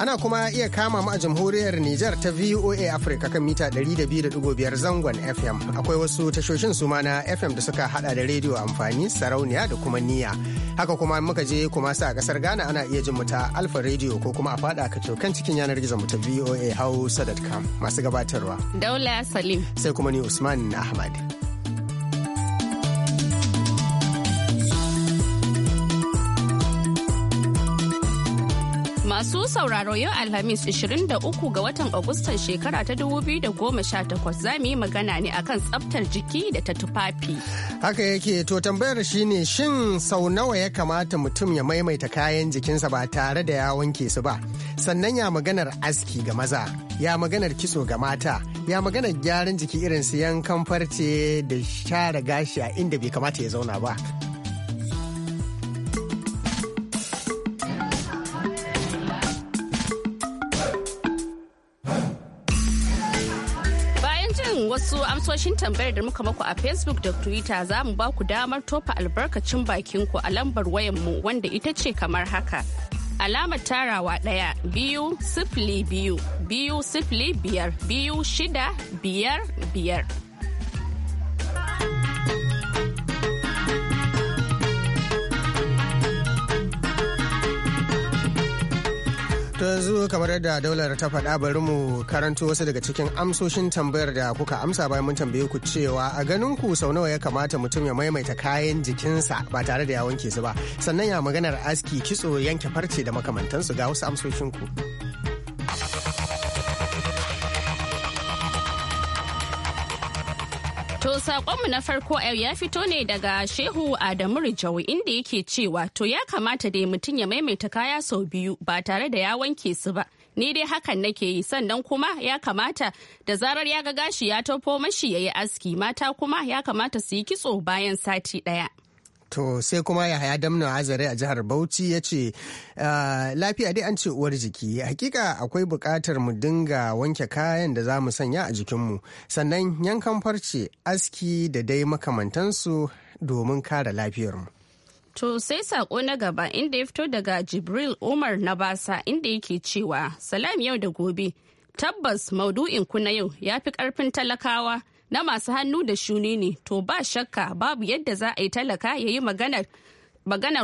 Ana kuma iya kama mu a jamhuriyar Nijar ta VOA Africa kan mita 200.5 zangon FM. Akwai wasu tashoshin suma na FM da suka hada da rediyo amfani sarauniya da kuma niya. Haka kuma muka je kuma sa a kasar Ghana ana iya jin mu ta Alfa Radio ko kuma a fada ka kan cikin yanar gizo mu ta VOA Hausa.com masu gabatarwa. Daula Salim. Sai kuma ni Usman Ahmad. Masu sauraro yau Alhamis 23 ga watan Agustan shekara ta 2018 za mu yi magana ne akan tsaftar jiki da ta tufafi. Haka yake to tambayar shi ne shin sau nawa ya kamata mutum ya maimaita kayan jikinsa ba tare da ya wanke su ba. Sannan ya maganar aski ga maza, ya maganar kitso ga mata, ya maganar gyaran jiki irin su yankan farce da share gashi a inda bai kamata ya zauna ba. masu amsoshin tambayar da muka maku a facebook da twitter za mu ba ku damar tofa albarkacin bakinku a lambar wayanmu wanda ita ce kamar haka alamar tarawa ɗaya biyu sifili biyu biyu sifili biyar biyu shida biyar biyar To yanzu kamar yadda daular ta faɗa bari mu karanto wasu daga cikin amsoshin tambayar da kuka amsa bayan mun tambaye ku cewa a ganin ku sau nawa ya kamata mutum ya maimaita kayan jikinsa ba tare da ya wanke su ba sannan ya maganar aski kitso yanke farce da makamantansu ga wasu amsoshin ku. saƙonmu na farko yau ya fito ne daga Shehu Adamu Rijau inda yake cewa to ya kamata dai mutum ya maimaita kaya sau biyu ba tare da ya wanke su ba. Ni dai hakan nake yi sannan kuma ya kamata da zarar ya ga gashi ya taufo mashi ya yi aski mata kuma ya kamata su yi kitso bayan sati ɗaya. To sai kuma Yahaya Damna Azare a jihar Bauchi ya ce ah, lafiya dai an ce uwar jiki hakika akwai buƙatar mu dinga wanke kayan da za mu sanya a jikinmu sannan yankan farce aski da dai makamantansu domin kare lafiyarmu. To sai sako na gaba inda ya fito daga Jibril Umar na basa inda yake cewa salam yau da gobe tabbas maudu'in ku na yau ya fi karfin talakawa na masu hannu da shuni ne to ba shakka babu yadda za a yi talaka ya yi maganar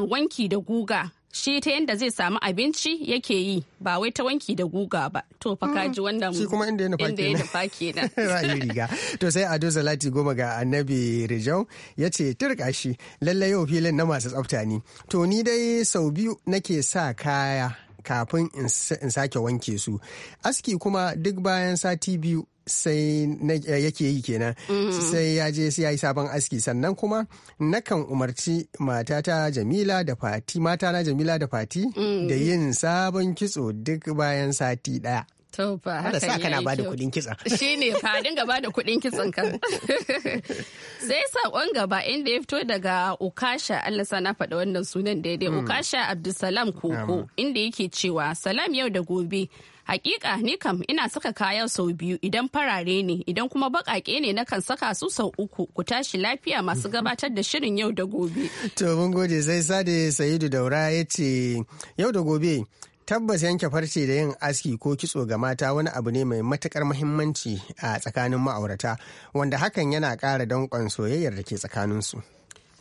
wanki da guga shi ta yadda zai samu abinci yake yi ba wai ta wanki da guga ba to fa ka mm-hmm. ji wannan shi kuma inda ya nufa kenan ra'ayi riga to sai ado Zalati, goma ga annabi rijau ya ce turka shi lallai yau filin na masu tsafta ne to ni dai sau biyu nake sa kaya kafin in sake wanke su aski kuma duk bayan sati biyu sai eh, yake yi kenan mm-hmm. sai ya je sai ya yi sabon aski sannan kuma nakan umarci matata jamila da fati matana jamila da fati mm. da yin sabon kitso duk bayan sati daya To fa haka sa kana bada kuɗin kitsa. Shi ne fadin dinga bada kuɗin kitsan ka. Sai saƙon gaba inda ya fito daga Ukasha Allah sana faɗa wannan sunan daidai hmm. Ukasha Abdulsalam Koko inda yake cewa salam yau da gobe. Hakika ni kam ina saka kaya sau biyu idan farare ne idan kuma bakake ne na kan saka su sau uku ku tashi lafiya masu gabatar da shirin yau da gobe. To mun gode sai Sade Sayidu Daura ya ce yau da gobe Tabbas yanke farce da yin aski ko kitso ga mata wani abu ne mai matukar muhimmanci a tsakanin ma'aurata wanda hakan yana ƙara danƙon soyayyar da ke tsakaninsu.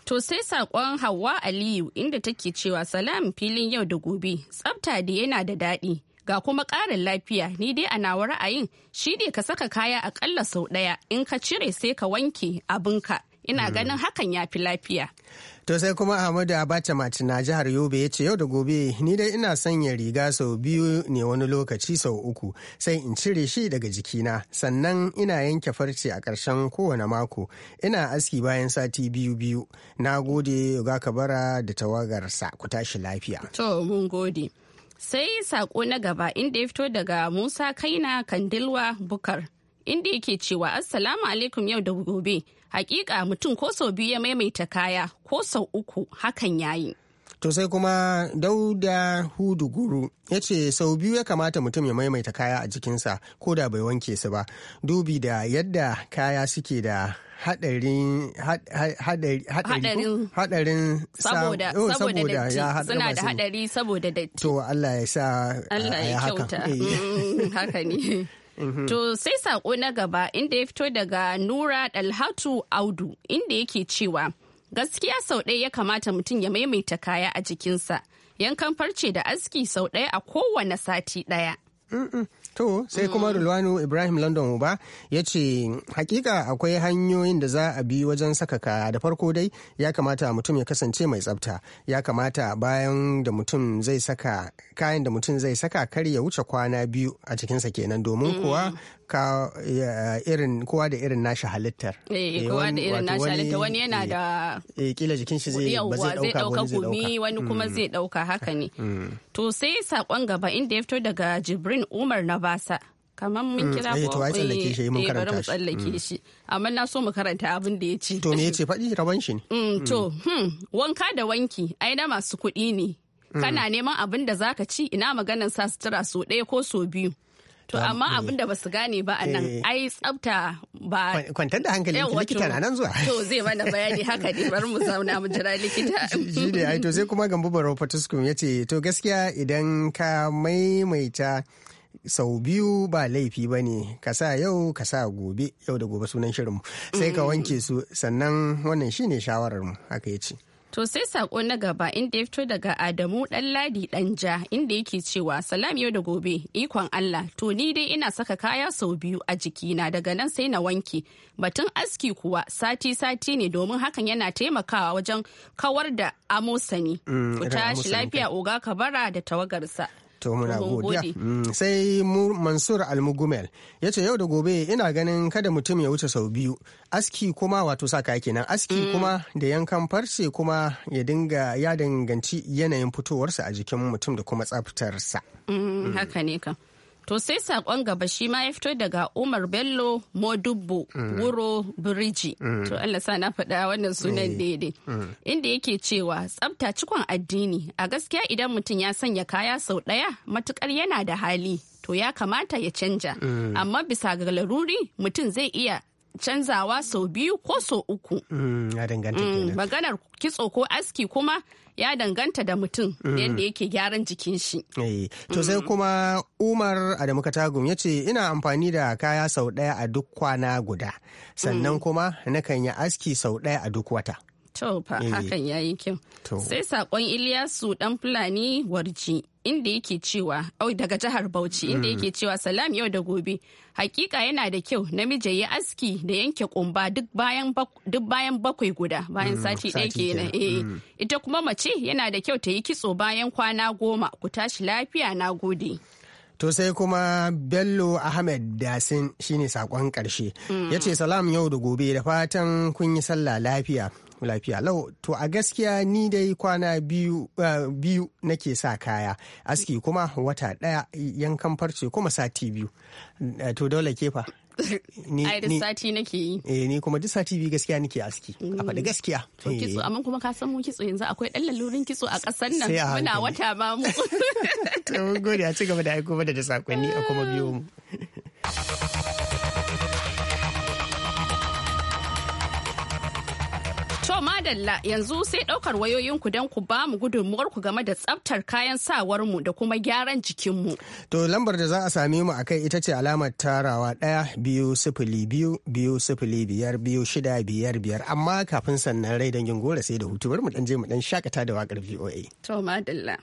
To sai saƙon Hauwa Aliyu inda take cewa salam filin yau da gobe tsafta da yana da daɗi ga kuma ƙarin lafiya ni dai a nawa ra'ayin shi ne ka saka kaya aƙalla sau ɗaya in ka cire sai ka wanke abinka. ka. ina hmm. ganin hakan ya fi lafiya To sai kuma Ahmadu Abacha Macina jihar Yobe ya ce yau da gobe ni dai ina sanya riga sau biyu ne wani lokaci sau uku sai in cire shi daga jikina sannan ina yanke farce a ƙarshen kowane mako ina aski bayan sati biyu biyu na gode ga kabara da tawagarsa ku tashi lafiya. To mun gode. Sai sako na gaba inda ya fito daga Musa Kaina Kandilwa Bukar. Inda yake cewa Assalamu alaikum yau da gobe. hakika mutum ko sau biyu ya maimaita kaya ko sau uku hakan yayi to sai kuma dauda hudu guru ya ce sau biyu ya kamata mutum ya maimaita kaya a jikinsa ko da bai wanke su ba dubi da yadda kaya suke da hadarin hadarin oh, saboda ya suna da hadari saboda datti to Allah ya sa Allah ya kyauta eh. mm, haka ne Mhm. To sai sako na gaba inda ya fito daga Nura Dalhatu Audu inda yake cewa gaskiya sau ɗaya ya kamata mutum ya maimaita kaya a jikinsa yankan farce da aski sau ɗaya a kowane sati ɗaya. To sai kuma mm. Rulwanu Ibrahim London ba ya ce hakika akwai hanyoyin da za a bi wajen saka ka da farko dai ya kamata mutum ya kasance mai tsafta ya kamata bayan da mutum zai saka kayan da mutum zai saka kar ya wuce kwana biyu a cikinsa kenan domin kuwa mm. ka irin kowa da irin nashi halittar eh, eh kowa da irin nashi halittar wani yana eh, da eh kila jikin shi zai ba zai dauka wani zai dauka wani kuma mm. zai dauka haka ne mm. to sai sakon gaba inda ya fito daga Jibrin Umar na basa kamar mun mm. kira eh, ko eh tsallake mu mun shi tsallake shi amma na so mu karanta abin da ya ce to me yace faɗi raban shi ne to hmm, wanka da wanki ai na masu kuɗi ne kana neman abin da zaka ci ina maganan sa sutura so ɗaya ko so biyu To amma abin da basu gane ba a nan eh. ai tsafta ba kwantar da hankali likita na nan zuwa. To zai mana bayani haka ne bari mu zauna mu jira likita. Shi ne ai to sai kuma gambo baro fatuskum ya ce to gaskiya idan ka maimaita sau biyu ba laifi ba ne ka sa yau ka sa gobe yau da gobe sunan shirinmu sai ka wanke su sannan wannan shine shawararmu haka ya ce. To sai sako na gaba inda ya fito daga Adamu dan Ladi dan Ja inda yake cewa salam yau da gobe ikon Allah to ni dai ina saka kaya sau biyu a jiki na daga nan sai na wanke batun aski kuwa sati sati ne domin hakan yana taimakawa wajen kawar da amosani. Mm, Ku tashi lafiya oga kabara da tawagarsa. to muna godiya mm, sai mansur almugumel ya ce yau da gobe ina ganin kada mutum ya wuce sau biyu aski kuma wato sa kaya kenan aski mm. kuma da yankan farce kuma ya dinga ya danganci yanayin fitowarsa a jikin mutum da kuma tsaftarsa mm, haka To sai sakon gaba shi ma ya fito daga Umar Bello Modubbo Wuro Biriji. To Allah sa na faɗa wannan sunan eh. daidai. Eh. Inda yake cewa tsafta cikon addini a gaskiya idan mutum ya sanya kaya sau ɗaya matukar yana da hali to ya kamata ya canja. Eh. Amma bisa ga laruri mutum zai iya canzawa sau biyu ko sau uku. Mm, danganta mm, kenan. Maganar kitso ko aski kuma ya danganta da mutum mm. yadda yake gyaran jikin shi. Eh, to sai kuma Umar Adamu Katagum ya ce ina amfani da kaya sau ɗaya a duk kwana guda sannan kuma nakan yi aski sau ɗaya a duk wata. To fa eh. hakan ya yi kyau. Sai saƙon ilyasu dan Fulani Warji inda yake cewa au daga jihar Bauchi inda hmm. yake cewa salam yau da gobe. Hakika yana da kyau namiji ya aski da yanke ƙumba duk bayan bakwai guda bayan hmm, sati ɗaya kenan. Eh. Hmm. ita kuma mace yana da kyau ta yi kitso bayan kwana goma ku tashi lafiya na gode. To sai kuma Bello Ahmed Dasin shine sakon karshe. yace salam yau da gobe da fatan kun yi sallah lafiya. lafiya lau to a gaskiya ni dai kwana biyu eh, biyu nake sa kaya aski kuma wata daya yankan farce kuma sati biyu eh, to dole kefa ai da sati nake yi eh ni kuma duk sati biyu gaskiya nake aski a mm. faɗi gaskiya to eh. kitso amma kuma ka san mu kitso yanzu akwai ɗan lalurin kitso a ƙasar nan muna wata ba mu to gode a ci gaba da aiko da sakonni a kuma biyo mu To madalla yanzu sai ɗaukar wayoyin ku don ku ba mu ku game da tsabtar kayan sawar mu da kuma gyaran jikin mu. To lambar da za a same mu akai ita ce alamar tarawa ɗaya biyu sifili biyu biyu sifili biyar biyu shida biyar biyar amma kafin sannan rai dangin gora sai da hutu bari mu ɗan je mu ɗan shakata da waƙar VOA. To madalla.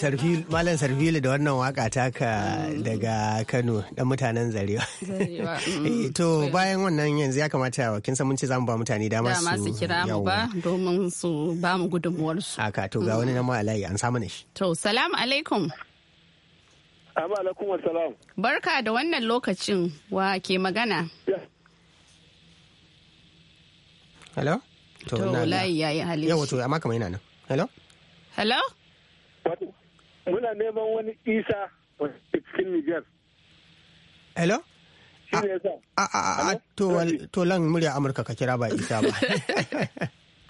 Malam Sarfilu da wannan waka taka mm. daga Kano dan mutanen Zarewa. Mm. Eh, to bayan wannan yanzu ya kamata wa kin san mun ce zamu ba mutane dama su dama su kira mu ba domin su ba mu gudunmuwar su. Haka to ga mm. wani na alayi an samu ne shi. To salamu alaikum. Assalamu alaikum wa salam. Barka da wannan lokacin wa ke magana. Hello? To, to layi yayi hali. Yawa to amma kamar yana nan. Hello? Hello? muna neman wani isa cikin niger hello a to lan murya amurka ka kira ba isa ba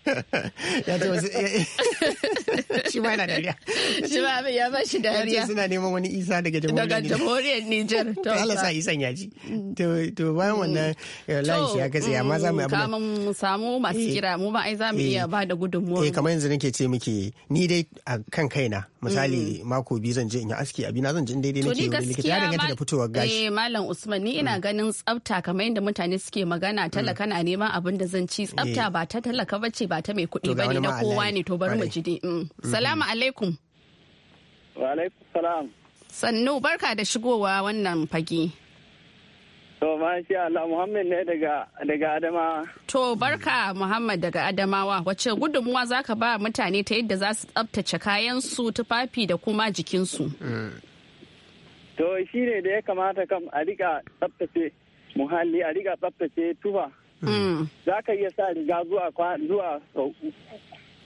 shi ma na dariya shi ma abin ya bashi dariya. Yanzu suna neman wani isa daga jamhuriyar Nijar to Allah sa isan ya ji mm. to bayan mm. wannan eh, layin shi ya ya ma za mu mm, abin mu samu masu eh. kira mu ba ai za mu iya eh. ba da gudunmuwa eh kamar yanzu nake ce miki ni dai a kan kaina misali mako biyu zan je in yi aski na zan je in daidai nake wani likita ya danganta da fitowar gashi eh malam Usman ni ina ganin tsafta kamar yadda mutane suke magana talaka na neman abin da zan ci tsafta ba ta talaka bace ba ta mai kuɗi bane na kowa ne to bari mu ji dai Salamu alaikum. Wa alaikum salam. Sannu barka da shigowa wannan fage. To shi Allah Muhammad ne daga Adamawa. To barka Muhammad daga Adamawa wace gudunmuwa za ka ba mutane ta yadda za su tsabtace kayansu tufafi da kuma jikinsu. To shi ne da ya kamata kam a riƙa tsabtace muhalli a riƙa tsabtace tufa. Hmm. Za ka iya sa riga zuwa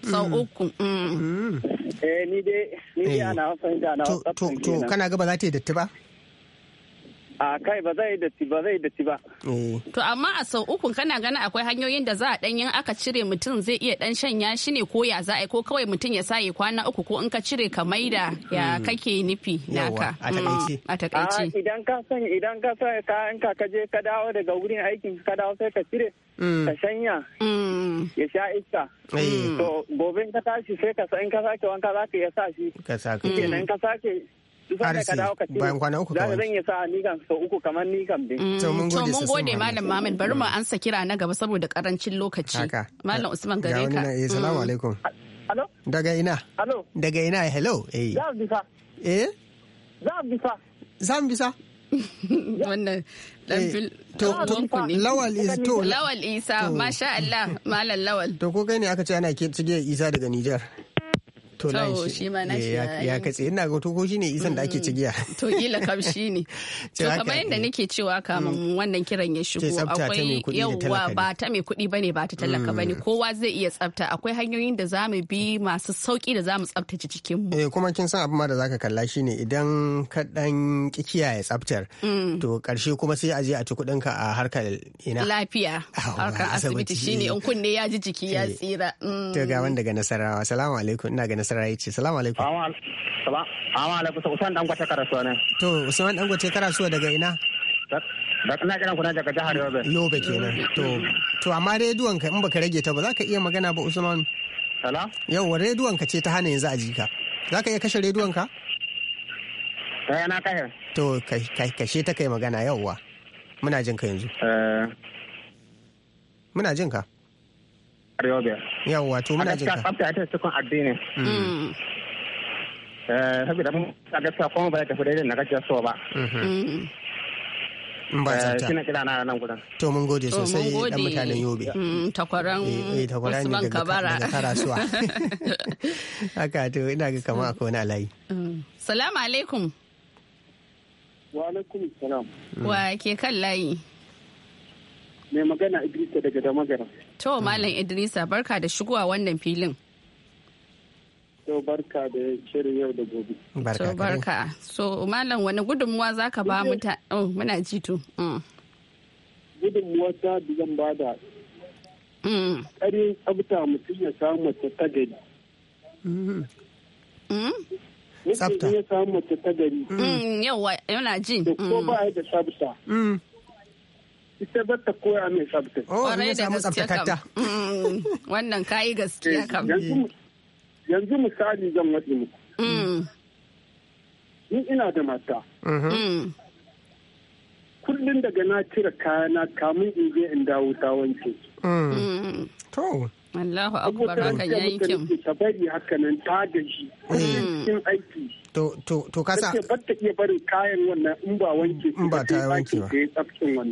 sau mm. uku mm. Mm. eh ni dai ni dai eh. ana fahimta ana to to kana ga ba za ta yi datti ba a kai ba zai da ba zai da ba. Oh. To amma a sau ukun kana gana akwai hanyoyin da za a dan yin aka cire mutum zai iya dan shanya shi ne ko ya za a yi ko kawai mutum ya sa ya kwana uku ko in ka cire ka maida ya hmm. kake nufi naka. A takaici. Hmm. A Idan ka san idan ka san ka in ka kaje ka dawo daga wurin aikin ka dawo sai ka cire. Hmm. Ka shanya. Ya sha iska. To gobe ka tashi sai ka sa in ka sake wanka za ka iya sa shi. Ka sa ka. Kenan ka sake bayan kwana uku kawai. Zan iya sa ni kan sau uku kamar ni kan dai. Mm, to mun gode Malam Mamin bari mu mm. ansa kira na gaba saboda karancin lokaci. Malam Usman gare ka. Ga eh, salamu mm. alaikum. Hello? Daga ina? Hello? Daga ina hello. Eh. Za bisa. Eh? Za bisa. Wannan dan eh, fil to lawal is to lawal isa masha Allah malam lawal to ko kai ne aka ce ana ke cige isa daga Nijar. to shi ma na eh, shi ya katse ina ga to ko shine isan da ake cigiya mm. to kila kam shine to kamar yadda nake cewa kamar mm. wannan kiran ya shigo akwai yauwa ba ta mai kuɗi bane ba ta talaka bane mm. kowa zai iya tsafta akwai hanyoyin da zamu bi masu sauki da zamu tsaftace cikin mu eh kuma kin san abin ma da zaka kalla shine idan ka dan kiyaye tsaftar to karshe kuma sai a je a ci kuɗin ka a harkar ina lafiya harkar asibiti shine in kunne ya ji jiki ya eh. tsira to ga wanda ga nasarawa assalamu alaikum ina ga nasarawa Misra ya ce. Salamu alaikum. Salamu alaikum. Usman dan gwace karasuwa ne. To Usman dan gwace karasuwa daga ina? Da kana kiran kuna daga jihar Yobe. Yobe kenan. To to amma rediyon ka in baka rage ta ba za ka iya magana ba Usman. Sala? wa rediyon ka ce ta hana yanzu a jika. Za ka iya kashe rediyon ka? Eh na kashe. To kashe ta kai magana yawwa. Muna jin ka yanzu. Eh. Muna jin ka. Yobe. Yawwa to muna jinka. A gaskiya tsafta ta cikin addini. Mm. Eh, saboda mun a gaskiya kuma ina ga kama akwai wani alayi mm. salamu alaikum wa alaikum salam wa ke kan layi mai magana idrisa daga damagara To Malam Idrisa barka da shigowa wannan filin. To barka da shirin yau da gobe. Barka. To barka. So Malam wani gudunmuwa za ka ba muta oh muna ji to. Mm. Gudunmuwa ta da ba bada. Mm. Ƙarin tsabta mutum ya samu ta tagari. Tsabta. Mm. Mutum ya samu ta tagari. Yawa yana ji. Ko ba ya da tsabta. ita ba ta koya mai tsafta. Oh, ya samu tsaftakata. Mm. Wannan kayi gaskiya eh, kam. Yanzu misali zan waɗi muku. Mm. Ni ina da mata. Mm-hmm. Mm. Kullum daga na cire kayana kamun in je in dawo ta wanke. To. Allahu akbar hakan yayi kyau. Ta bari haka nan ta da shi. Hmm. Cikin aiki. To to to ka sa. Ba ta iya barin kayan wannan in ba wanke. In ba ta wanke ba.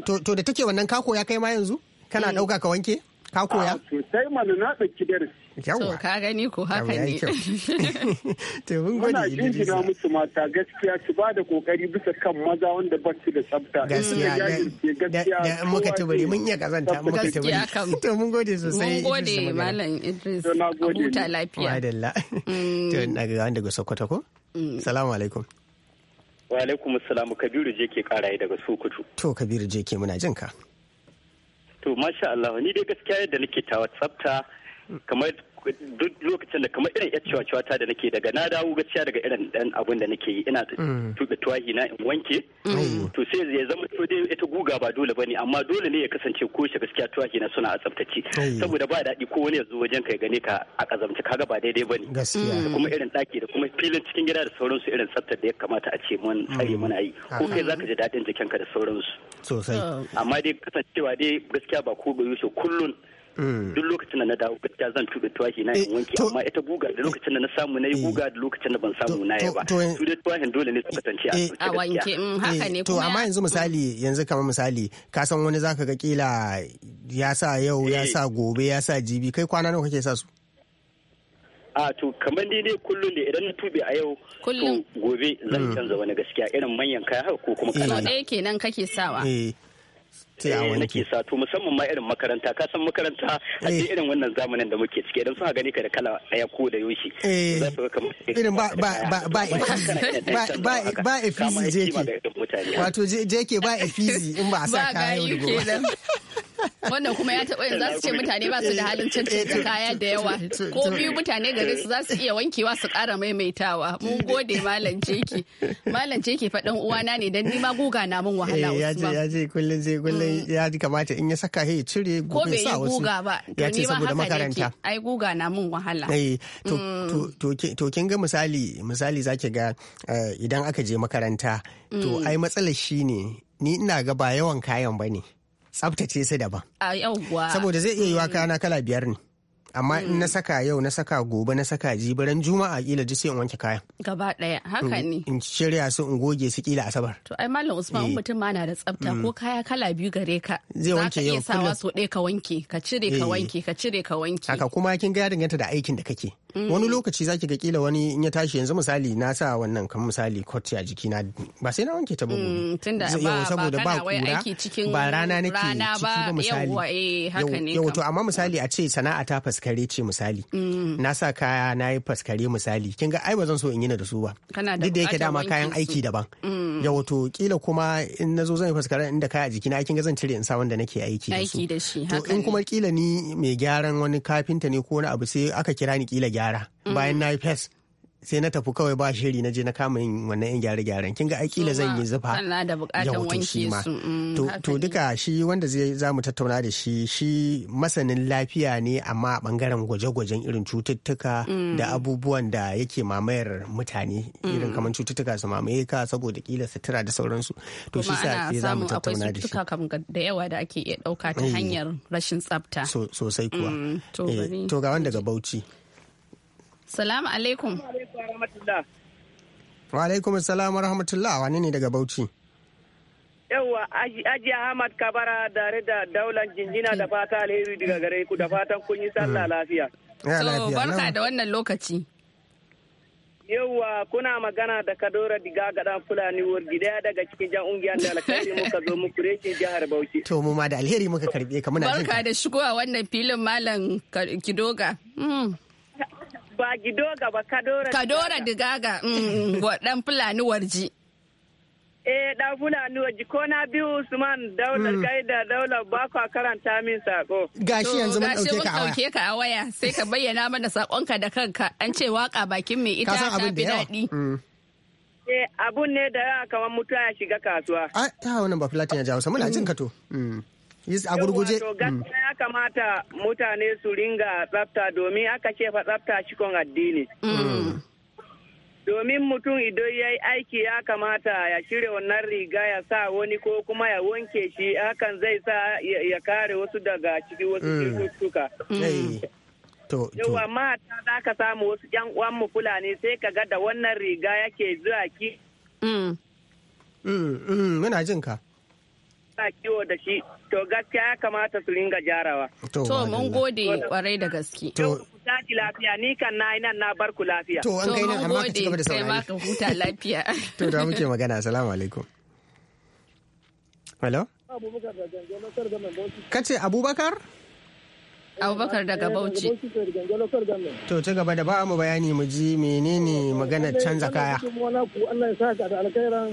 To to da take wannan kako ya kai ma yanzu? Kana dauka eh. ka wanke? Ka koya? Sosai mana na dauki darasi. Yawwa. So ka gani ko haka ne. To mun gode jin Muna musu mata gaskiya su ba da kokari bisa kan maza wanda ba su da tsafta. Gaskiya da muka tubari mun iya kazanta muka tubari. To mun gode sosai. Mun gode Malam Idris. To na gode. Huta lafiya. Wadalla. Mm. To na ga wanda ga Sokoto ko? Mm. Salamu alaikum. Wa alaikum salamu Kabiru je ke karaye daga Sokoto. To Kabiru je ke muna jin ka. To masha Allah ni dai gaskiya yadda nake tawa tsafta kamar duk lokacin da kamar irin yacewa cewa ta da nake daga na dawo gaciya daga irin dan abun da nake yi ina mm. tuɓe tuwahi na in wanke mm. to sai ya zama to dai ita guga ba dole bane amma dole ne ya kasance ko shi gaskiya tuwahi na suna a tsaftace saboda ba daɗi ko wani ya zo wajen ka gane ka a kazamci kaga ba daidai bane da kuma irin ɗaki da kuma filin cikin gida da sauransu irin tsaftar da ya kamata a ce mun mm. tsare muna yi ko kai zaka ji daɗin jikinka da sauransu sosai amma dai kasancewa dai gaskiya ba ko ba yushe kullun Mm. duk lokacin da na dawo gaskiya zan tuɓe tuwahi na yin eh, wanki amma ita guga da eh, lokacin da na samu na yi eh. guga da lokacin da ban samu na yi ba su da tuwashin dole ne su kasance a wanke mm, haka ne to amma yanzu misali yanzu kamar misali ka san wani zaka ga kila ya sa yau ya sa gobe ya sa jibi kai kwana nawa kake sa su a to kamar ni dai kullum da idan na tube a yau to gobe zan mm. canza wani gaskiya irin manyan kaya ko kuma kana ɗaya kenan kake sawa Eh, nake sa to musamman ma irin makaranta ka san makaranta a eh. irin wannan zamanin da muke ciki idan suna gani ka da kala ɗaya ko da yoshi eh. irin ba ba ba ba ba ba je ke wato je ke ba efizi in ba a sa kayan da gobe wannan kuma ya taɓa yin za su ce mutane ba su da halin cancanta eh, kaya da yawa ko biyu mutane gare su za su iya wankewa su ƙara maimaitawa mun gode malam jeki malam jeki faɗin uwana ne dan nima guga na mun wahala eh, ya je ya je kullum zai kullum mm. ya kamata in ya saka hei cire gobe sa wasu guga ba ya ce saboda makaranta ai guga na mun wahala eh to mm. kin ga misali misali zaki ga eh, idan aka je makaranta to mm. ai matsalar shine ni ina ga ba yawan kayan bane tsabtace su daban. A Saboda zai iya yiwa kayana kala biyar ne. amma in na mm. saka yau na saka gobe na saka jibiran juma'a kila ji sai in wanke kayan gaba ɗaya haka ne in shirya su in goge su kila asabar to ai malam usman eh. mutum ma na da tsabta mm. ko kaya kala biyu gare ka zai wanke yau iya sawa so ɗaya ka wanke ka cire ka eh. wanke ka cire ka wanke haka kuma kin ga ya danganta da aikin da kake Mm. wani lokaci zaki ga kila wani in ya tashi yanzu misali na sa wannan kan misali kot a jikina ba sai na wanke ta ba mm, tunda ba saboda ba kura ba rana nake ciki ba misali eh, yau to amma misali a ce sana'a ta faskare ce misali mm. na sa kaya na yi faskare misali kin ga ai ba zan so in yi na da su ba duk da yake dama kayan aiki daban yau to kila kuma in na zo zan yi faskare inda kaya a jikina na kin ga zan cire in sa wanda nake aiki da su to in kuma kila ni mai gyaran wani kafinta ne ko wani abu sai aka kira ni kila gyara gyara bayan mm-hmm. na yi fes sai na tafi kawai ba shiri na je na kama yin wannan yan gyare gyaren kin ga akila zan yi zufa ya mutu shi ma mm, to duka shi wanda zai za mu tattauna da shi shi masanin lafiya ne amma a bangaren gwaje-gwajen irin cututtuka mm. da abubuwan da yake mamayar mutane irin mm. kamar cututtuka su mamaye ka saboda kila sutura da sauransu to shi sa sai za mu tattauna da shi da yawa da ake iya dauka ta hanyar rashin tsafta sosai kuwa eh, to ga wanda ga Bauchi Salamu alaikum. Wa alaikum salam wa rahmatullah wani ne daga Bauchi. Yawwa Aji Ahmad Kabara dare da daular jinjina da fata alheri daga gare ku da fatan kun yi sallah mm. lafiya. So barka da wannan lokaci. Yawwa kuna magana da Kadora Diga gadan Fulani wurgi daya daga cikin jan ungiyar da alkhairi muka zo muku reshin jihar Bauchi. To mu ma da alheri muka karbe ka muna jin. Barka da shigowa wannan filin Malam Kidoga. Mm. ba gidoga ba kadora kadora digaga mm, wa dan fulani warji eh dan fulani warji ko na bi usman daular mm. gaida daular ba ku karanta min sako gashi yanzu mun dauke ka a waya sai ka bayyana mana sakonka da kanka an ce waka bakin mai ita ta bi dadi mm. Eh, abun ne da yawa kamar mutuwa ya shiga kasuwa. Ah, ta wannan ba fulatin ya jawo sa muna jin ka to. Mm. a gurguje mm. gaskiya ya kamata mutane su ringa tsafta domin aka ce tsafta cikon addini mm. domin mutum idan ya yi aiki ya kamata ya shirya wannan riga ya sa wani ko kuma ya wanke shi hakan zai sa ya kare wasu daga ciki wasu mm. cututtuka. Eh, amma mata za ka samu wasu yan uwan mu fulani sai ka ga da wannan riga yake zuwa ki. Muna jin ka. ana kiwo da shi to gaskiya ya kamata su ringa jarawa. To mun gode kwarai da gaske. To tashi lafiya ni kan na nan na bar ku lafiya. To an kai amma ka cigaba da saurari. Kai ma ka huta lafiya. To da muke magana assalamu alaikum. Hello? Kace Abubakar? Abubakar daga Bauchi. To ci gaba da ba mu bayani mu ji menene magana canza kaya.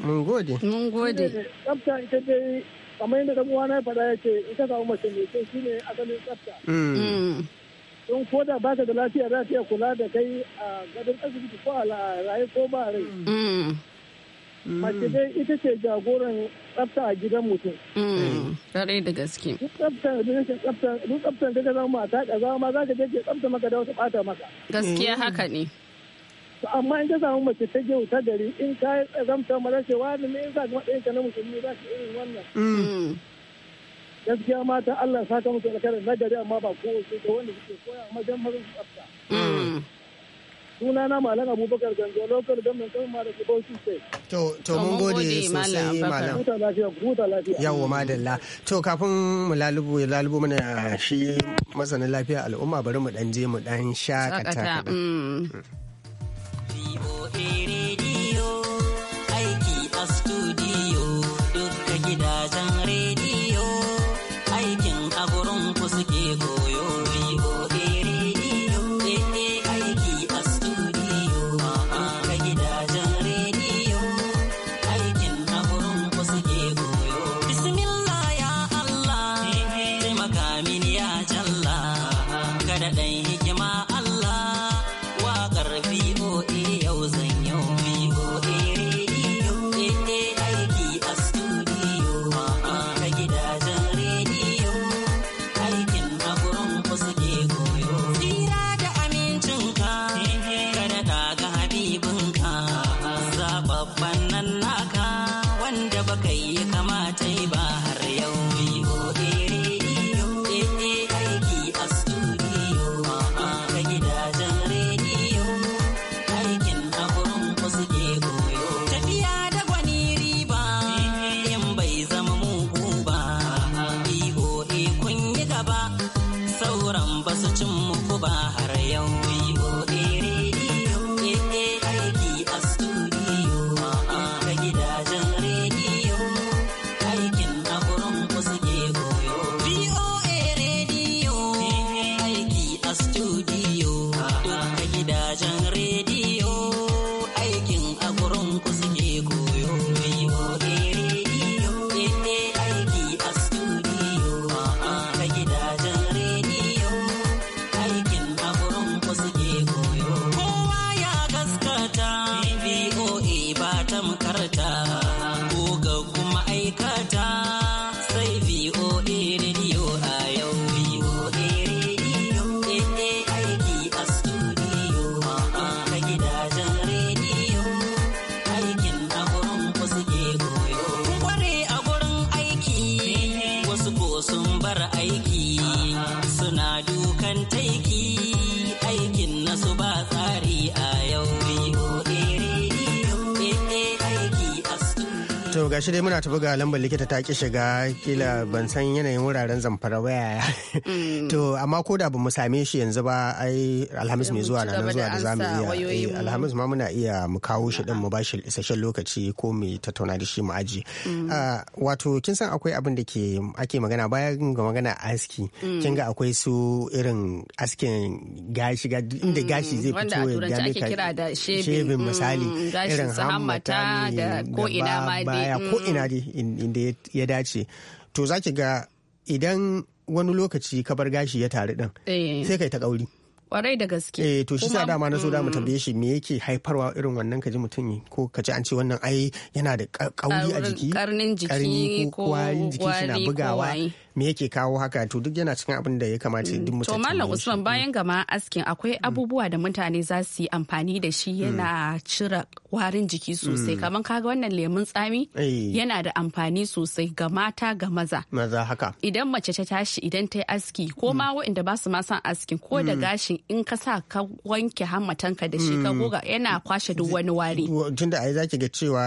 Mun gode. Mun gode. Tsafta ita dai kamar yadda dan uwana ya faɗa ya ce ita samu mace mai kyau shine asalin tsafta mm. Mm. don ko da baka da lafiya za iya kula da kai a gadon asibiti ko a raye ko ba rai mm. mace dai ita ce jagoran tsafta a gidan mutum kare da gaske duk tsafta da yake tsafta duk tsafta da ka zama mata ka ma za ka je ke tsafta maka da wata bata maka gaskiya haka ne amma in ka samu mace ta je ta gari in ka zamta mara ce wa ne in yasa kuma ɗayan ka na musulmi za ka irin wannan. Mm. gaskiya mata Allah sa ka musu alkhairar na gari amma ba ko su ga wanda suke koya amma dan mazan su tsafta. Mm. sunana Malam Abubakar Ganzo lokal don mai ma da ke Bauchi sai To to mun gode sosai Malam. Huta lafiya lafiya. madalla. To kafin mu ya lalubu mana shi masanin lafiya al'umma bari mu dan je mu dan shakata Neil. dai muna tafi ga lambar likita ta ki shiga kila ban san yanayin wuraren zamfara waya mm. to amma ko da bamu same shi yanzu ba ai alhamis mai zuwa na nan zuwa da zamu iya eh, alhamis ma muna iya mu kawo shi din mu ba shi isasshen lokaci ko mu tattauna da shi mu aji mm. ah, wato kin san akwai abin da ke ake magana bayan ga magana aski mm. kin ga akwai su irin askin gashi inda gashi zai fito ya ga kira da shebin misali irin hammata da ko ina ma ina dai inda ya dace to za ga idan wani lokaci ka bar gashi ya taru din eh. sai kai ta kauri kwarai da gaske eh to shi sa dama na so da mu mm. tambaye shi me yake haifarwa irin wannan kaji mutum ko kaji an ce wannan ai yana da kauri a jiki karnin jiki ko kwarin jiki shi bugawa me yake kawo haka to duk yana cikin abin da ya kamata duk mutane to mallam usman bayan gama askin akwai mm. abubuwa da mutane za su yi amfani da shi mm. yana cire warin jiki sosai mm. kamar kaga wannan lemun tsami yana da amfani sosai ga mata ga maza maza haka idan mace ta tashi idan ta yi aski ko ma waɗanda ba su ma san askin ko da gashin in ka sa ka wanke hammatanka da shi ka goga yana kwashe duk wani wari tunda ai zaki ga cewa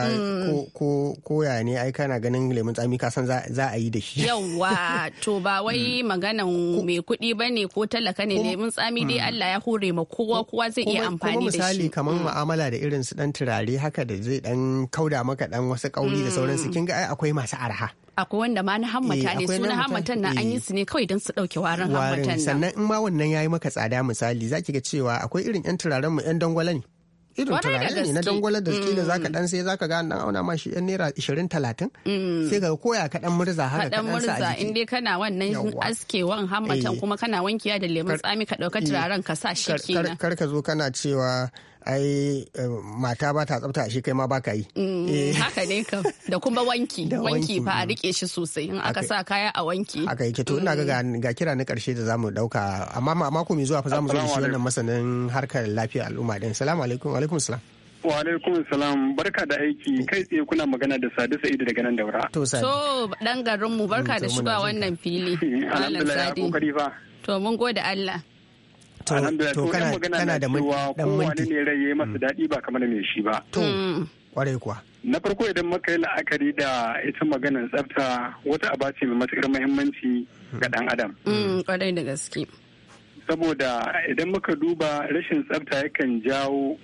ko ko ko ya ne ai kana ganin lemun tsami ka san za a yi da shi yawwa to ba wai mm. maganan mai kuɗi ba ne ko talaka ne mun tsami dai mm. Allah ya hure ma kowa kowa zai iya amfani da shi. misali kamar mm. mu'amala da irin su dan turare haka da zai dan kauda maka dan wasu kauri da sauransu kin ga ai akwai masu arha. akwai wanda ma na hammata eh, ne su na hammatan na an yi eh. su ne kawai don su dauke warin hammatan nan sannan in ma wannan ya yi maka tsada misali zaki ga cewa akwai irin 'yan turaren mu 'yan dangwala ne irin turare ne na dangwalar da kila zaka mm. dan sai zaka ga dan auna ma shi yan naira 20 30 mm. sai ka koya ka dan murza haka ka dan sa a jiki in dai kana wannan askewan hammatan eh. kuma kana wankiya da lemon tsami ka dauka turaren ka sa shi kenan kar ka zo kana cewa ai eh, mata ba ta tsafta shi kai ma ba ka yi. Mm, eh. Haka ne kam da kuma wanki wanki fa a rike shi sosai in aka sa kaya a wanki. Aka yi to ina ga ga kira na karshe da zamu dauka amma mako mai zuwa fa zamu zo da shi wannan masanin harkar lafiyar al'umma din. Salamu alaikum wa alaikum salam. Wa alaikum salam barka da aiki kai tsaye kuna magana da Sadi Sa'idu daga nan daura. To Sadi. To dan garin mu barka mm, da shiga wannan fili. Alhamdulillah ya kokari fa. To mun gode Allah. to kana kana da dan minti ne ra'ye masa mm. dadi ba kamar me shi ba to mm. kwarai kuwa na farko idan muka yi la'akari da ita maganar tsafta wata aba ce mai matuƙar muhimmanci ga dan adam mm, kwarai da gaske saboda idan muka duba rashin tsafta yakan jawo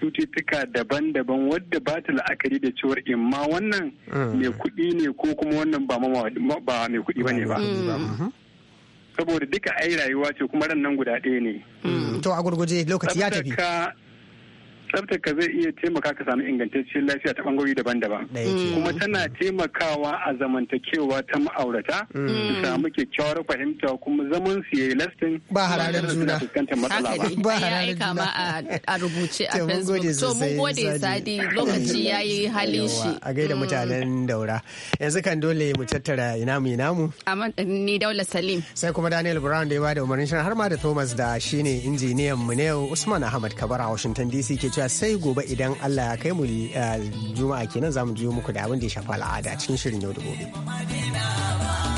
cututtuka daban-daban wadda ba ta la'akari da cewar imma wannan mai kuɗi ne ko kuma wannan ba mai kuɗi ba ne ba saboda duka ai rayuwa ce kuma ran nan guda ɗaya ne. Mm. To a gurguje lokaci ya tafi. Tsabtaka tsaftar ka zai iya taimaka ka samu ingantacciyar lafiya ta bangarori daban-daban kuma tana taimakawa a zamantakewa ta ma'aurata su mm. samu kyakkyawar fahimta kuma zaman su yayi lastin ba hararin juna ba hararin juna a rubuce a facebook to mun gode sadi lokaci ya yi halin shi a gaida mm. mutanen daura yanzu kan dole mu tattara ina mu ina mu ni daula salim sai kuma daniel brown da ya bada umarnin shirin har ma da thomas da shine injiniyan mu ne usman ahmad kabara a washington dc ke cewa cewa sai gobe idan Allah ya kai mu eh, juma'a kenan za mu juyo muku da abin da ya shafa al'ada cikin shirin yau da gobe.